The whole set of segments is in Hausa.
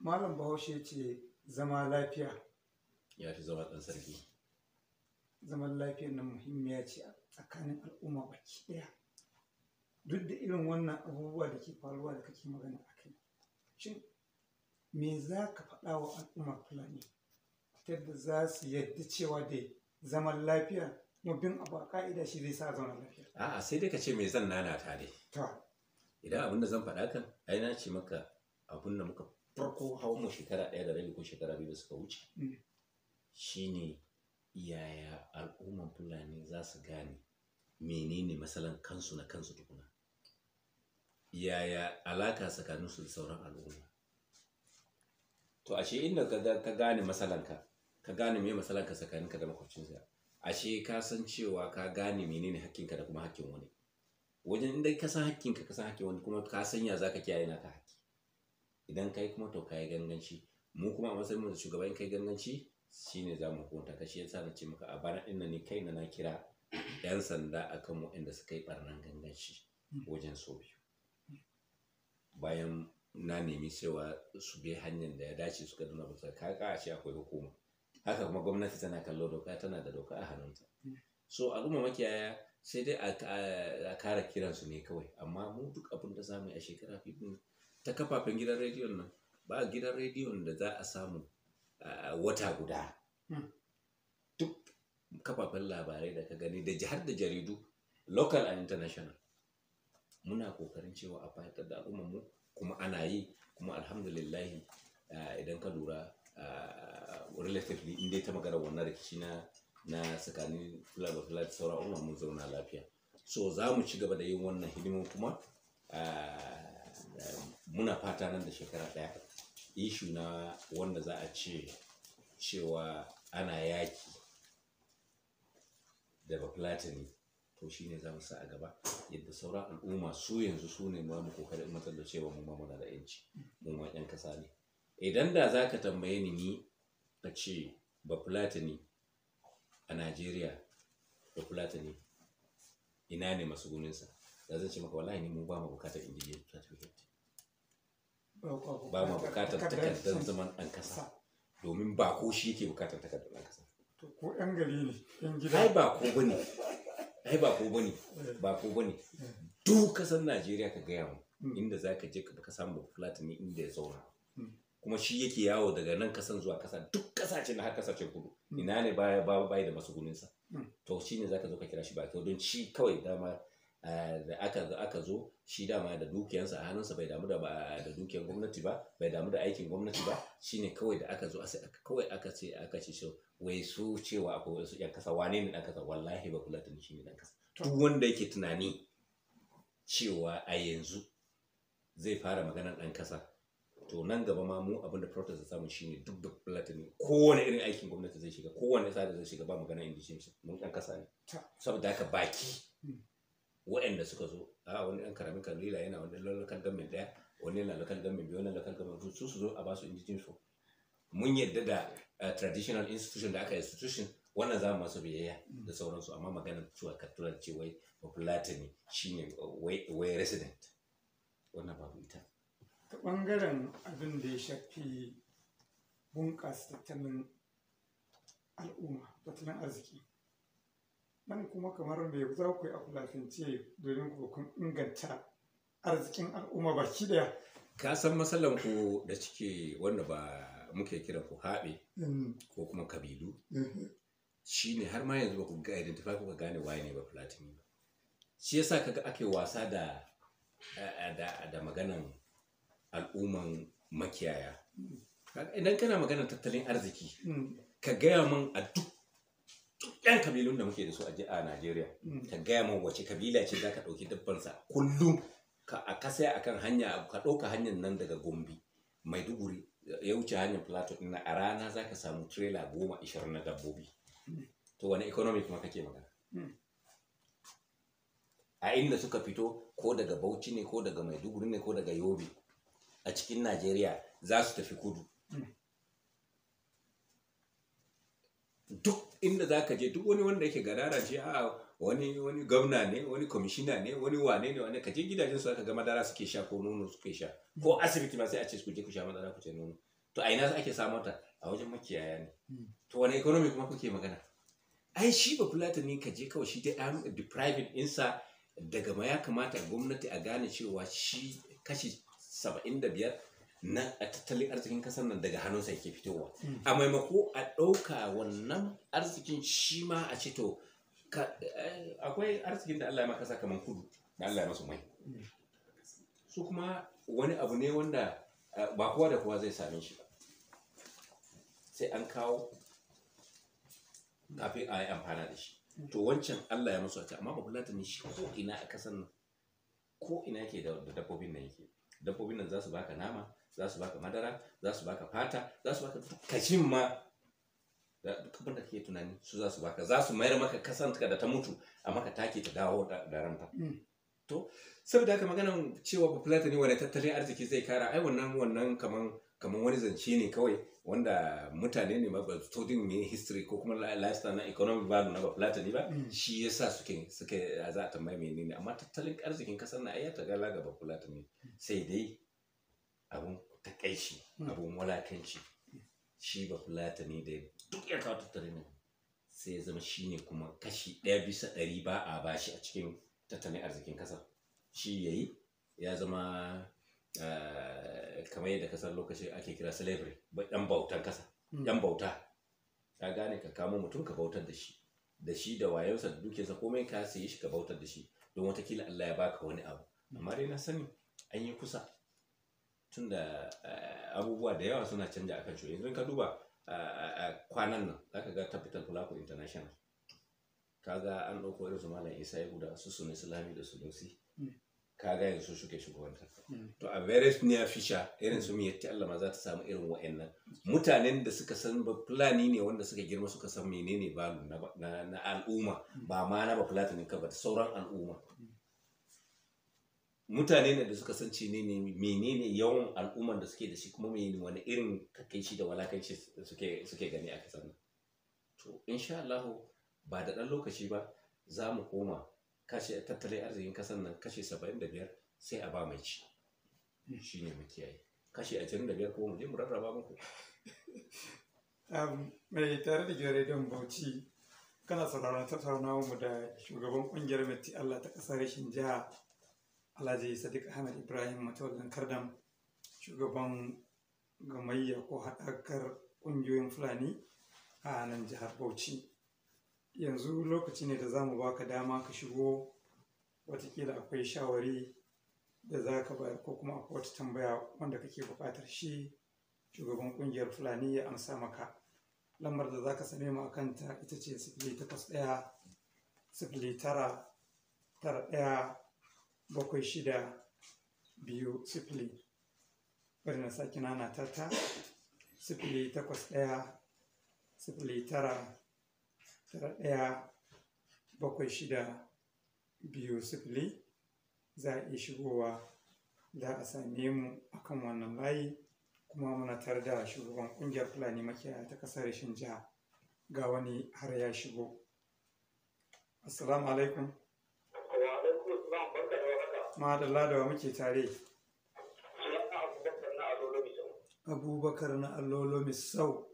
malam bahaushe ce zama lafiya ya fi zama ɗan sarki zaman lafiya na muhimmiya ce a tsakanin al'umma baki ɗaya duk da irin wannan abubuwa da ke faruwa da kake magana a kai shin me za ka faɗa wa al'ummar fulani ta yadda za su yadda cewa da zaman lafiya kuma bin abu a ka'ida shi zai sa zaman lafiya a'a sai dai ka ce me zan nana ta idan abin da zan faɗa kan ai na ce maka abin da muka farko hawan mu shekara ɗaya da rabi ko shekara biyu da suka wuce mm. shine yaya al'umman fulani za su gane menene matsalan kansu na kansu tukuna yaya alaka tsakanin su da sauran al'umma to ashe inda ka gane masalan ka gane me matsalanka ka da sa ashe ka san cewa ka gane menene ka da kuma hakkin wani wajen inda ka san hakkinka ka san hakkin wani kuma ka san ya zaka kiyaye naka hakki idan kai kuma to kai ganganci mu kuma a matsayin mu shugaban kai ganganci shine za mu hukunta ka shi yasa na ce maka a bana nan ne kai na kira yan sanda akan inda suka yi barnan ganganci wajen so biyu bayan na nemi cewa su bai hanyar da ya dace suka nuna ba kaka a shi akwai hukuma haka kuma gwamnati tana kallo doka tana da doka a hannunta so a al'umma makiyaya sai dai a kara kiransu ne kawai amma mu duk abin da zamu yi a shekara ta kafafen gidan rediyon nan ba gidan rediyon da za a samu wata guda hmm. duk kafafen labarai da ka gani da jihar da jaridu local and international muna kokarin cewa a fahimtar da al'ummarmu kuma ana yi kuma alhamdulillahi idan ka lura relatively in dai ta magana wannan rikici na na tsakanin fulani da fulani sauran umar mun zauna lafiya so za mu ci gaba da yin wannan hidimin kuma muna fata nan da shekara ɗaya ishu na wanda za a ce cewa ana yaki da bafulatani to shine ne za mu sa a gaba yadda sauran al'umma su yanzu su ne ma mu kokarin matsar da cewa mu ma muna da yanci mu ma yan kasa ne idan da za ka tambaye ni ni ka ce bafulatani a najeriya bafulatani ina ne masu guninsa da zan ce maka wallahi ni mu ba mu bukatar indigenous certificate ba ma bukatar takardar zaman an kasa domin ba ko shi yake bukatar takardar an kasa. ko yan gari ne yan gida ai ba ko bane ai ba ko bane eh. ba ko bane eh. duk kasar Najeriya ka gaya mu hmm. inda zaka je ka ka samu flat ne inda ya zauna hmm. kuma shi yake yawo daga nan kasan zuwa kasa duk kasashen na har kasashen kudu hmm. ina ne ba baya da masu sa to shine zaka zo ka kira shi ba kyau don shi kawai dama Eh, da aka aka zo shi dama da dukiyansa a hannunsa bai damu da da dukiyar gwamnati ba bai damu da aikin gwamnati ba shine kawai da aka zo kawai aka ce aka ce wai su cewa akwai wasu yan kasa wane ne dan kasa wallahi ba kula shi ne dan kasa duk wanda yake tunani cewa a yanzu zai fara maganar dan kasa to nan gaba ma mu abin da protest samu shine duk da platinum kowane irin aikin gwamnati zai shiga kowane sada zai shiga ba magana indigenous mun dan kasa ne saboda haka baki hmm. waɗanda suka zo a wani ɗan karamin kalila yana wani local government ɗaya wani yana local government biyu wani local government su su zo a basu injin su mun yadda da traditional institution da aka institution wannan za mu masu biyayya da sauransu amma maganar cewa katular ce wai shi ne wai resident wannan babu ita ta ɓangaren abin da ya shafi bunƙasa tattalin al'umma tattalin arziki nan kuma kamar me za ku yi a kulafance domin ku kun inganta arzikin al'umma ba baki daya ka san matsalan ku da cike wanda ba muke kiran ku haɓe mm. ko kuma kabilu mm-hmm. shine har ma yanzu ba ku ga identify ku gane waye ne ba platini ba shi yasa kaga ake wasa eh, da da maganan al'umman makiyaya mm. idan kana maganar tattalin arziki mm. ka gaya min a duk duk yan kabilun da muke da su a Najeriya mm. ka gaya ma wace kabila ce za ka ɗauki dabbansa kullum ka a kasa akan hanya ka ɗauka hanyar nan daga Gombe Maiduguri ya wuce hanyar Plateau ɗin a rana za ka samu trailer goma ishirin na dabbobi mm. to wani economy kuma kake magana mm. a inda suka fito ko daga Bauchi ne ko daga Maiduguri ne ko daga Yobe a cikin Najeriya za su tafi kudu duk inda za ka je duk wani wanda yake gadara ce a wani wani gwamna ne wani kwamishina ne wani wane ne wani kaje gidajen su aka ga madara suke sha ko nono suke sha ko asibiti ma sai a ce su je ku sha madara ku ce nono to a ina ake samu ta a wajen makiyaya ne to wani economy kuma kuke magana ai shi ba fulatani ka je kawai shi dai an depriving insa daga ma ya kamata gwamnati a gane cewa shi kashi saba'in da biyar? na a tattalin arzikin kasar nan daga hannunsa yake fitowa a maimako a ɗauka wannan arzikin shi ma a ce to eh, akwai arzikin da Allah ya maka sa kamar kudu da Allah ya masu mai su kuma wani abu ne wanda eh, ba kowa da kowa zai same shi ba sai an kawo kafin a yi amfana da shi to wancan Allah ya masu a amma ba kula ta ne shi ko ina a kasar nan ko ina yake da dabbobin nan yake dabbobin nan za su baka nama za su baka madara za su baka fata za su baka kashin ma da duk abin da kake tunani su za su baka za su mayar maka kasanka da ta mutu a maka take ta dawo da ranta mm. to saboda haka maganan cewa bafulatani wani tattalin arziki zai kara ai wannan wannan kaman kaman wani zance ne kawai wanda mutane ne ba to din me history ko kuma lifestyle na economic value na bafulatani ba mm. shi yasa suke suke za a tambaye menene amma tattalin arzikin kasar na ai ya tagala ga ne mm. sai dai abun takaici hmm. abun walakanci shi ba fulata ne da duk ya kawo tattalin sai ya zama shi ne kuma kashi ɗaya bisa ɗari ba a bashi a cikin tattalin arzikin ƙasa shi ya yi ya zama eh, kamar yadda kasar lokaci ake kira slavery ɗan bautan ƙasa hmm. ɗan bauta ka gane ka kamo mutum ka bautar da shi da shi da wayonsa da dukiyarsa komai ka sayi shi ka bautar da shi don watakila Allah ya baka wani abu hmm. amma dai na sani an yi kusa tunda eh, abubuwa da yawa suna canja akan shi yanzu ka duba a eh, eh, kwanan nan zaka ga capital Polaco international kaga an ɗauko irin su malam isa ya guda su suna islami da mm. Ka kaga yanzu suke shugabanta mm. to a various near future irin su miyatti Allah ma za ta samu irin wa'annan mutanen da suka san ba fulani ne wanda suka girma suka san menene ba na al'umma mm. ba ma na ba fulani ne ka ba sauran al'umma mutane ne da suka san ce ne menene yawan al'umman da suke da shi kuma menene wani irin shi da shi suke suke gani a kasar nan to insha Allah ba da dan lokaci ba za mu koma kashe tattalin arzikin kasar nan kashe 75 sai a ba mai ci shine mu kiyaye kashe 25 kuma mu je mu rarraba muku mai tare da gidan don Bauchi kana sauraron tattaunawar mu da shugaban kungiyar Mati Allah ta kasar rashin jiha alhaji sadiq ahmed ibrahim matawallin kardam shugaban gamayya ko haɗakar ƙungiyoyin fulani a nan jihar bauchi yanzu lokaci ne da za mu baka dama ka shigo watakila akwai shawari da za ka bayar ko kuma akwai wata tambaya wanda kake buƙatar shi shugaban ƙungiyar fulani ya amsa maka lambar da za ka same mu akan ta ita ce sifili takwas ɗaya sifili tara tara ɗaya bakwai shida biyu sifili bari na sake nana tata sifili takwas ɗaya sifili tara tara ɗaya bakwai shida biyu sifili za a iya shigowa za a same mu akan wannan layi kuma muna tare da shugaban ƙungiyar fulani makiyaya ta ƙasar rashin jiha ga wani har ya shigo assalamu alaikum madalla da wa muke tare abubakar na allolo misau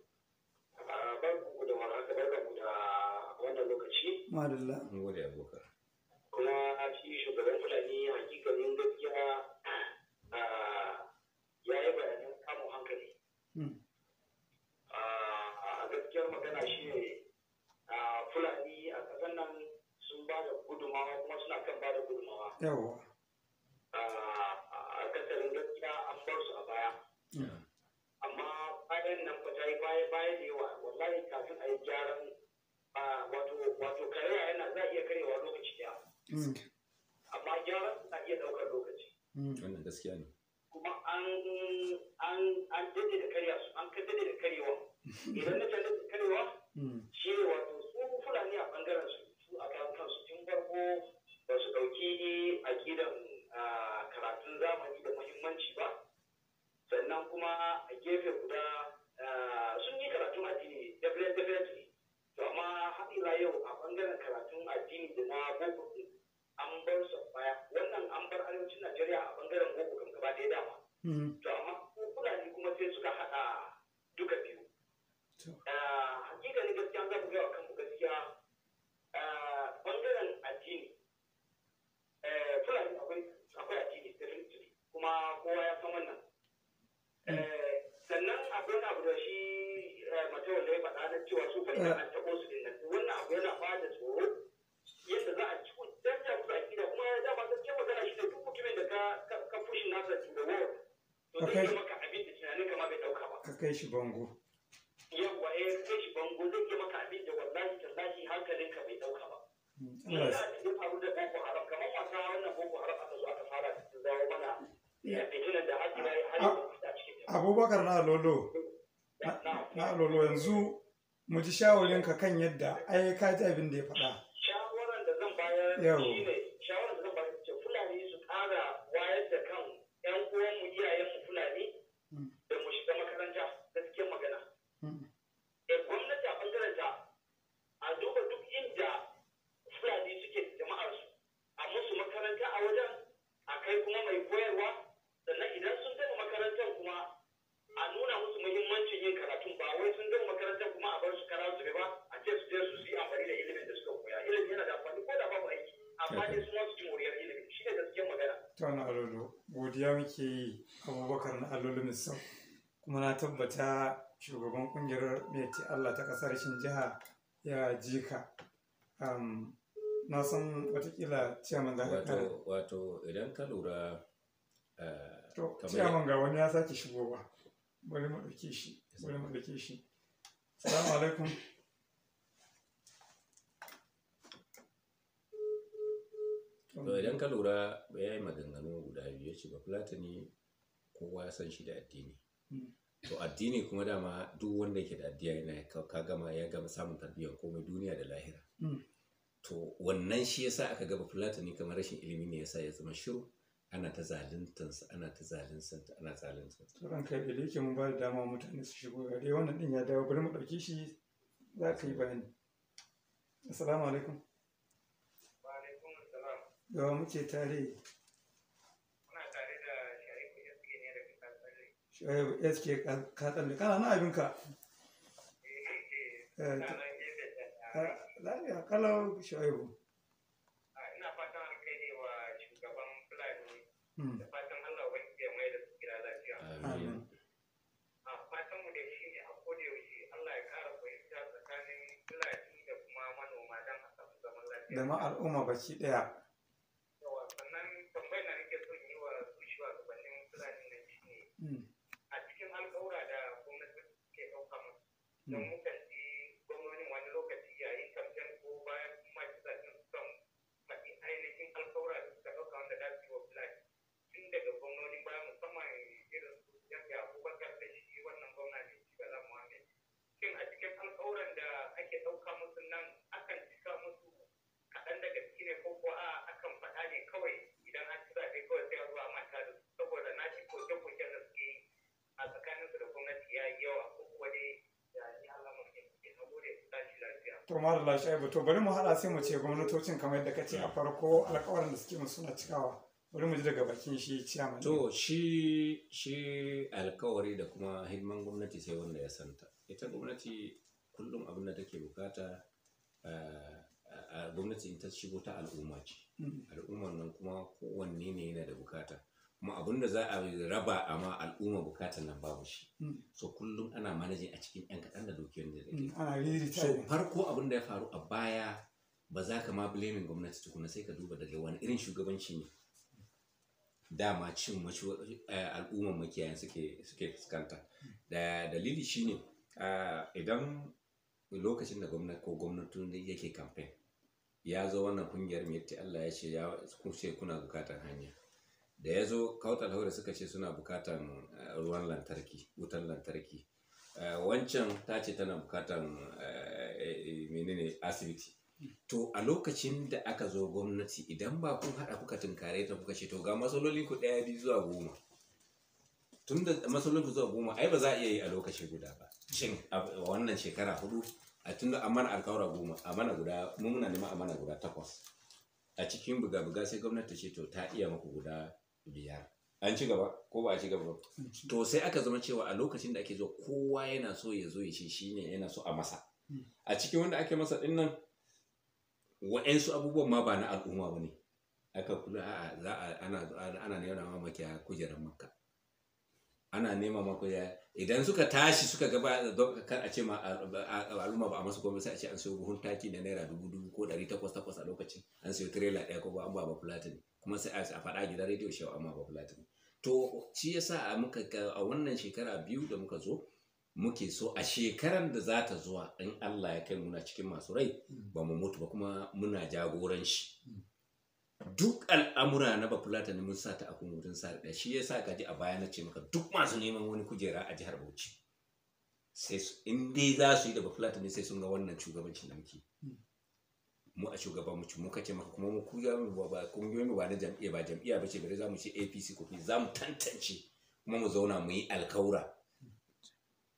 madalla gode abubakar kuma a shi shugaban fulani hakikalin gaskiya ya yi bayanan kamun hankali hmm. a gaskiyar magana shi ne fulani a kasan nan sun ba da gudumawa kuma suna kan ba da gudumawa bar a baya amma bayan nan ba ta yi baya baya da yawa wallahi kafin a yi gyaran wato wato karewa yana za a iya karewa lokaci daya amma gyaran na iya daukar lokaci wannan gaskiya ne kuma an an an dade da karewa su an kaddade da karewa idan na canza da karewa shi ne wato su fulani a bangaren su su a kan kansu tun farko ba su dauki akidan karatun zamani da muhimmanci ba sannan kuma a gefe guda sun yi karatun addini definitely to amma har ila yau a ɓangaren karatun addini da na boko ɗin an bar su baya wannan an bar arewacin najeriya a ɓangaren boko kan gaba ɗaya dama mm-hmm. to amma fulani kuma sai suka haɗa duka biyu hakika ne gaskiya za ku gaya wa kan wanda an taɓo yana ba da tsoro za a kuma ya shi ne da shi bango yawwa eh kai shi bango zai yi maka abin da wallahi tallahi hankalin ka bai ɗauka ba hmm, Allah ya da Boko Haram kamar wannan Boko Haram aka zo aka fara da zawo mana Abubakar na lolo na lolo yanzu mu ji shawarinka kan yadda ai ka ji abin da ya faɗa shawaran da zan bayar shine sau kuma na tabbata shugaban kungiyar mai Allah ta kasar shin jiha ya jika na san watakila ciyaman ga haka wato idan ka lura eh, to ciyaman ga wani ya sake shigo ba bari mu ɗauke shi bari mu ɗauke shi salamu alaikum to idan ka lura ya yi maganganu guda biyu ya ce ba fulatani kowa ya san shi da addini hmm. to addini kuma dama duk wanda ke da addini yana ka gama ya gama samun tarbiyya komai duniya da lahira hmm. to wannan shi yasa aka gaba fulatani kamar rashin ilimi ne yasa ya zama shiru ana ta zaluntansa ana ta zaluntansa ana to da yake mun ba da dama mutane su shigo dai wannan din ya dawo bari mu ɗauki shi za ka yi bayani assalamu alaikum wa alaikum assalam yawa muke tare Eh, SK ka tsalle kana na abinka eh, eh, lafiya kalau shu'aibu ah, ina fatan alkhairi wa shugaban fulani hmm. da fatan Allah wani ya mai da su gida lafiya ah, fatan mu da shi ne a koda yaushe Allah ya kara fahimta tsakanin fulani da kuma manoma don a samu zaman lafiya da ma al'umma baki daya Não, hum. kamar shi shaibu to bari mu hada sai mu ce gwamnatocin kamar yadda kace a farko alƙawarin da suke musu na cikawa bari mu ji daga bakin shi ciyaman to shi shi alƙawari da kuma hidiman gwamnati sai wanda ya santa ita gwamnati kullum abin da take bukata gwamnati ta shigo ta al'umma ce mm-hmm. al'ummar nan kuma kowanne ne yana da bukata kuma abin da za a raba a ma al'umma bukatar nan babu shi hmm. so kullum ana manajin a cikin yan kaɗan da dukiyar da zai hmm, so farko abin da ya faru a baya ba za ka ma blaming gwamnati tukuna sai ka duba daga wani irin shugabanci ne dama cin mace eh, al'umman makiyayan suke fuskanta da dalili shine ah, idan lokacin da gwamnati ko gwamnatin yake kamfen ya zo wannan kungiyar mai Allah ya ce ya kuna bukatar hanya da ya zo kautar haure suka ce suna bukatan eh, ruwan lantarki wutan lantarki eh, wancan ta ce tana bukatan eh, menene asibiti to a lokacin da aka zo gwamnati idan ba kun haɗa kuka tunkare ta kuka ce to ga matsaloli ku ɗaya biyu zuwa goma tun da matsaloli zuwa goma ai ba za a iya yi a lokaci guda ba shin wannan shekara hudu a tun da amana alkawara goma amana guda mun muna neman amana guda takwas a cikin buga-buga sai gwamnati ce to ta iya maku guda biyar an ci gaba ko ba a ci gaba to sai aka zama cewa a lokacin da ake zo kowa yana so ya zo ya ce shine yana so a masa a cikin wanda ake masa din nan abubuwan ma ba na al'umma ba ne aka kula a ana ana ne yana mamaki a kujerar makka ana nema mako ya idan suka tashi suka gaba kan a ce ma al'umma ba a masu komai sai a ce an sayo buhun taki da naira dubu dubu ko ɗari takwas takwas a lokacin an sayo tirela ɗaya ko ba an ba fulatani kuma sai a faɗa gidan rediyo shi an ba fulatani to shi yasa a a wannan shekara biyu da muka zo muke so a shekaran da za ta zuwa in Allah ya kai muna cikin masu rai mm. ba mu mutu ba kuma muna jagoranci mm. duk al'amura na bafulata ne mun sata a kumurin sa da shi yasa ka ji a baya na ce maka duk masu neman wani kujera a jihar Bauchi sai in dai za su yi da bafulata ne sai sun ga wannan shugabancin da mu a shugaban mu muka ce maka kuma mu kuya mu ba kungiyoyin mu ba na jam'iyya ba jam'iyya ba ce bare za mu ce APC ko za mu tantance kuma mu zauna mu yi alkaura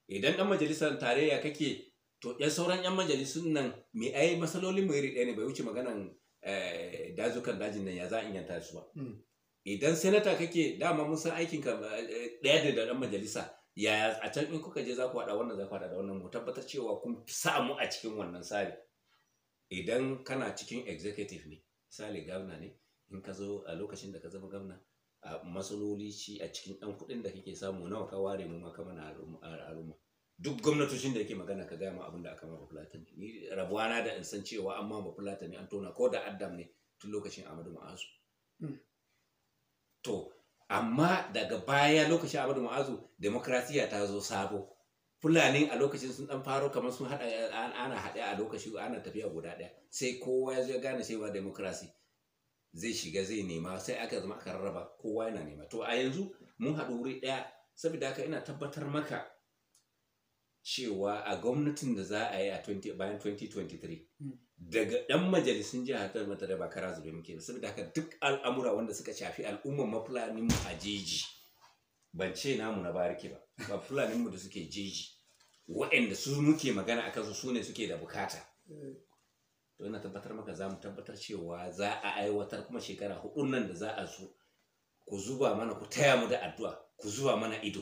idan dan majalisar tarayya kake to yan sauran yan majalisun nan me ai masalolin mu iri ɗaya ne bai wuce maganan Eh, dazukan dajin nan ya za a inganta su ba hmm. idan senata kake dama mun san aikin ka daya eh, da dan majalisa yaya a can in kuka je za ku hada wannan za ku hada da wannan mu tabbatar cewa kun samu a cikin wannan tsari idan kana cikin executive ne misali gavna ne in ka zo a lokacin da ka zama gavna a matsaloli ci a cikin dan kuɗin da kake samu nawa ka ware mu maka a al'umma duk gwamnatocin da yake magana ka gaya ma abin da aka ma bafulatani ni rabuwa na da in san cewa an ma ne an tona ko da adam ne tun lokacin amadu ma'azu hmm. to amma daga baya lokacin amadu ma'azu demokrasiya ta zo sabo fulani a lokacin sun dan faro kamar sun hada ana haɗe a lokaci ana tafiya guda ɗaya sai kowa ya zo ya gane cewa demokrasi zai shiga zai nema sai aka zama aka rarraba kowa yana nema to a yanzu mun haɗu wuri daya saboda haka ina tabbatar maka cewa a gwamnatin da za a yi a bayan 2023 hmm. daga ɗan majalisun jihar Kano ta da bakara zube muke saboda haka duk al'amura wanda suka shafi al'ummar mafulanin mu a jeji ban ce namu na bariki ba ba fulanin mu da suke jeji waɗanda su muke magana a kansu su ne suke da bukata to ina tabbatar maka za mu tabbatar cewa za a aiwatar kuma shekara hudun nan da za a zo ku zuba mana ku taya mu da addu'a ku zuba mana ido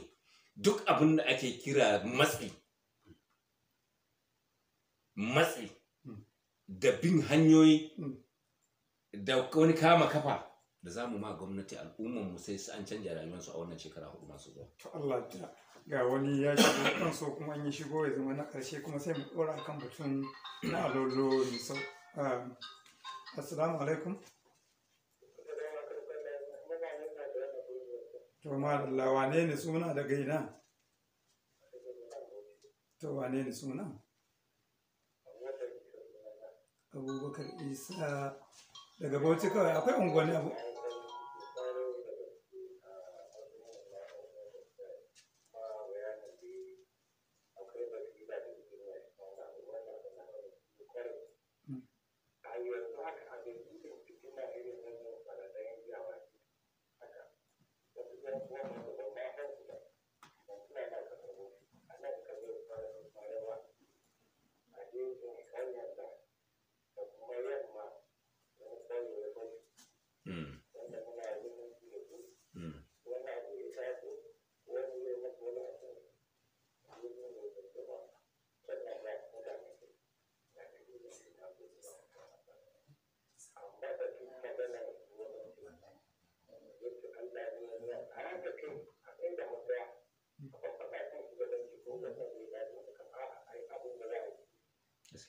duk abin da ake kira matsi matsi hmm. da bin hanyoyi hmm. da wani kama kafa da za mu ma gwamnati al'ummar mu sai an canja rayuwarsu a wannan shekara hudu masu zuwa. To Allah ta. ga wani ya shigo kan so kuma an yi shigo ya zama na ƙarshe kuma sai mu ɗora kan batun na alolo sau. Um, assalamu alaikum. To ma wane ne suna daga ina? To wane ne suna? abubakar isa daga bauchi kawai akwai unguwanni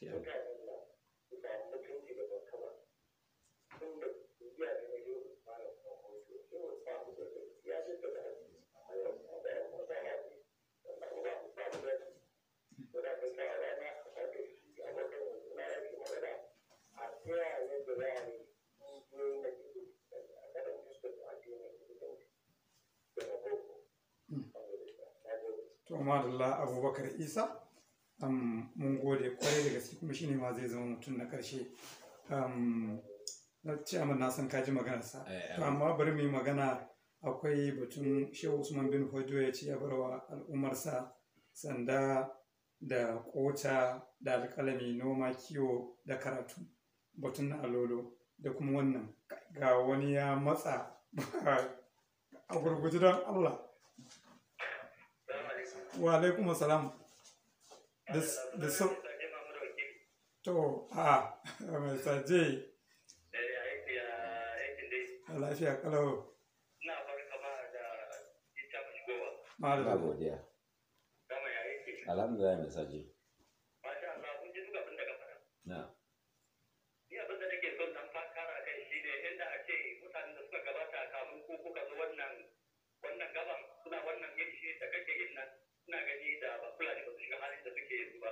يعني to madalla abubakar isa mun gode kwarai da gaske kuma shine ma zai zama mutum na karshe na ce amma na san kaji maganarsa eh, eh. to amma bari mu yi magana akwai batun shehu usman bin hojo ya ce ya barwa al'ummarsa sanda da kota da alƙalami noma kiwo da karatu batun na alolo da kuma wannan ga wani ya matsa a gurguje don allah wa alaikum salam da to eh, lafiya kalau na da ita mai gowa ma da godiya kama ya alhamdulillah masha Allah kun ji abin da na ni abin da nake son dan fakara kai inda a ce mutanen da suka gabata kamun ko kuka zo wannan wannan gaban suna wannan yanki da kake yin nan ina gani da ba fulani da su shiga halin da suke yanzu ba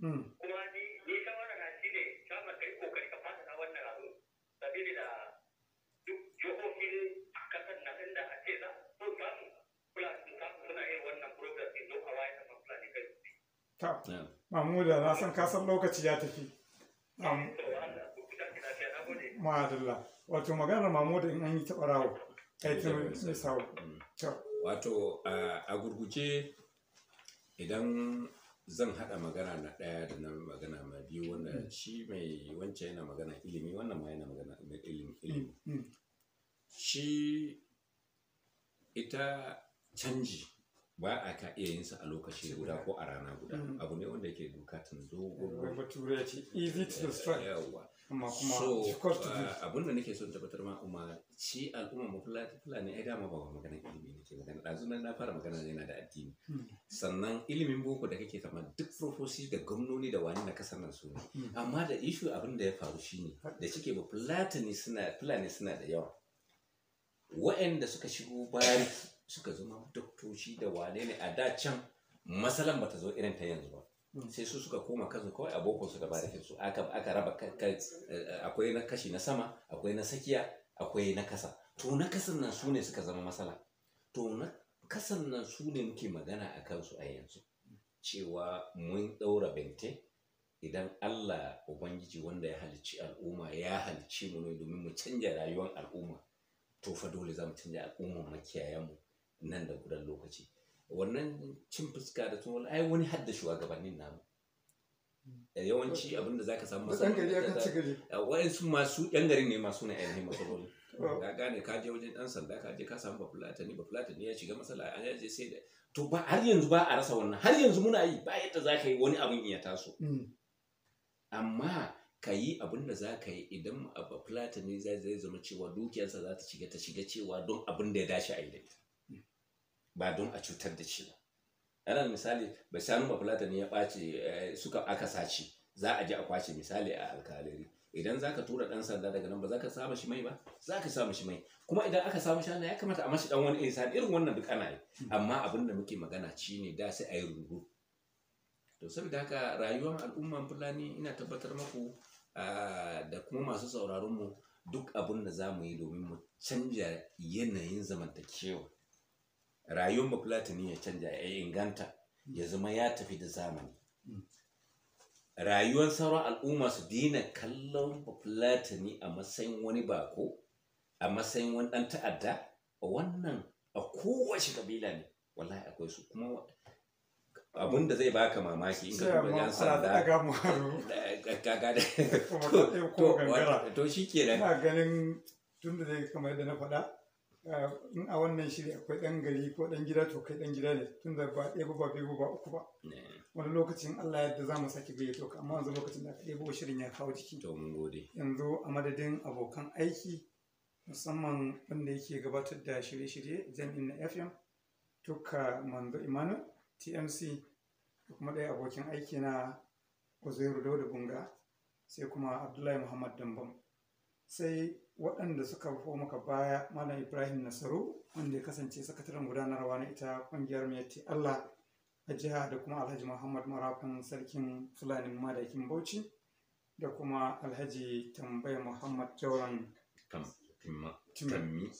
hmm. kuma ni ni shawara na shi ne shawara kai kokari ka fasa wannan abu sabili da duk jihohin kasan na inda a ce za su samu fulani su samu suna yin wannan program din don hawaye da fulani kai ta mamuda na san kasan lokaci ya tafi ma'adalla wato maganar mamuda in an yi taɓarawo aikin sawo mm. wato a gurguje idan zan haɗa magana na ɗaya da na magana ma biyu wanda mm. shi mai wancan yana magana ilimi wannan ma yana magana ilimi ilimi mm, mm. shi ita canji ba a ka iya yin sa a lokaci guda ko a rana guda abu ne wanda yake bukatun dogon bature ce easy to strike so uh, abin da nake son tabbatar ma umma ci al'umma mu fulani ai dama ba magana ilimi nake magana ɗazu nan na fara magana yana da addini hmm. sannan ilimin boko da kake kama duk profosi da gwamnoni da wani na kasar nan su hmm. amma da ishu abin da ya faru shine hmm. da cike ba fulani suna fulani suna da yawa wa'anda suka shigo bayan suka zama doktoci da wane ne a da can masalan bata zo irin ta yanzu ba Mm. sai su suka koma kansu kawai abokansu boko ba da su aka raba eh, akwai na kashi na sama akwai na sakiya akwai na kasa to na kasan nan su ne suka zama matsala to na kasan nan sune muke magana a kansu a yanzu cewa mun ɗaura bente idan Allah Ubangiji wanda ya halicci al'umma ya halicci mu ne domin mu canja rayuwar al'umma to fa dole za mu canja makiyayan mu nan da gudan lokaci wannan cin fuska da tun ai wani gabanin na namu eh, yawanci abinda za ka samu waɗansu masu yan gari eh, ne masu na ainihin matsaloli oh. ka gane ka je wajen ɗan sanda ka je ka samu bafulatani bafulatani ya shiga masala an yaje sai da to ba har yanzu ba a rasa wannan har yanzu muna yi ba yadda za ka yi wani abin iya taso mm. amma ka yi abin da za ka yi idan bafulatani zai zama cewa dukiyarsa za ta shiga ta shiga cewa don abin da ya dace a yi da ita ba don a cutar da shi ba ana misali ba shanu bafulata ne ya ɓace eh, suka aka sace za a je a kwace misali a alkalari idan zaka tura ɗan sanda daga nan ba zaka samu shi mai ba zaka samu shi mai kuma idan aka samu shi ya kamata a mashi dan wani insan irin wannan duk ana yi hmm. amma abin da muke magana ci ne da sai a yi rubu to saboda haka rayuwar al'umman fulani ina tabbatar maku ah, da kuma masu sauraron mu duk abin da za mu yi domin mu canja yanayin zamantakewa rayuwar bafulatani ya canja ya inganta ya zama ya tafi da zamani rayuwar sauran al'umma su dina kallon bafulatani a matsayin wani bako a matsayin wani ɗan ta'adda a wannan a kowace kabila ne wallahi akwai su kuma abin da zai baka mamaki in ka duba yan sanda kaga da to shi kenan ina ganin tun da zai kamar yadda na faɗa in a wannan shiri akwai ɗan gari ko ɗan gida to kai ɗan gida ne tun da ba ɗaya ba biyu ba uku ba wani lokacin Allah yadda za mu sake gayyato ka amma yanzu lokacin da aka ɗebo shirin ya kawo jiki yanzu a madadin abokan aiki musamman wanda yake gabatar da shirye-shirye jam'in na FM tuka manzo Imanu, TMC da kuma ɗaya abokin aiki na Uzairu Dauda Bunga sai kuma Abdullahi Muhammad Dambam sai waɗanda suka rufo maka baya malam ibrahim nasaru wanda ya kasance sakataren gudanarwa na ita ƙungiyar miyatti allah a jiha da kuma alhaji muhammad marafin sarkin fulani madakin bauchi da kuma alhaji tambaya muhammad jauran timmi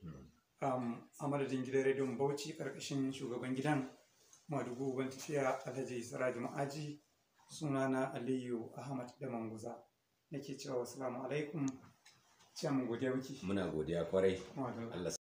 hmm. um, a madadin gidan rediyon bauchi ƙarƙashin shugaban gidan madugu ban tafiya alhaji siraju ma'aji sunana aliyu ahmad da manguza nake cewa wasu alaikum can mu godiya muke muna godiya kwarai Allah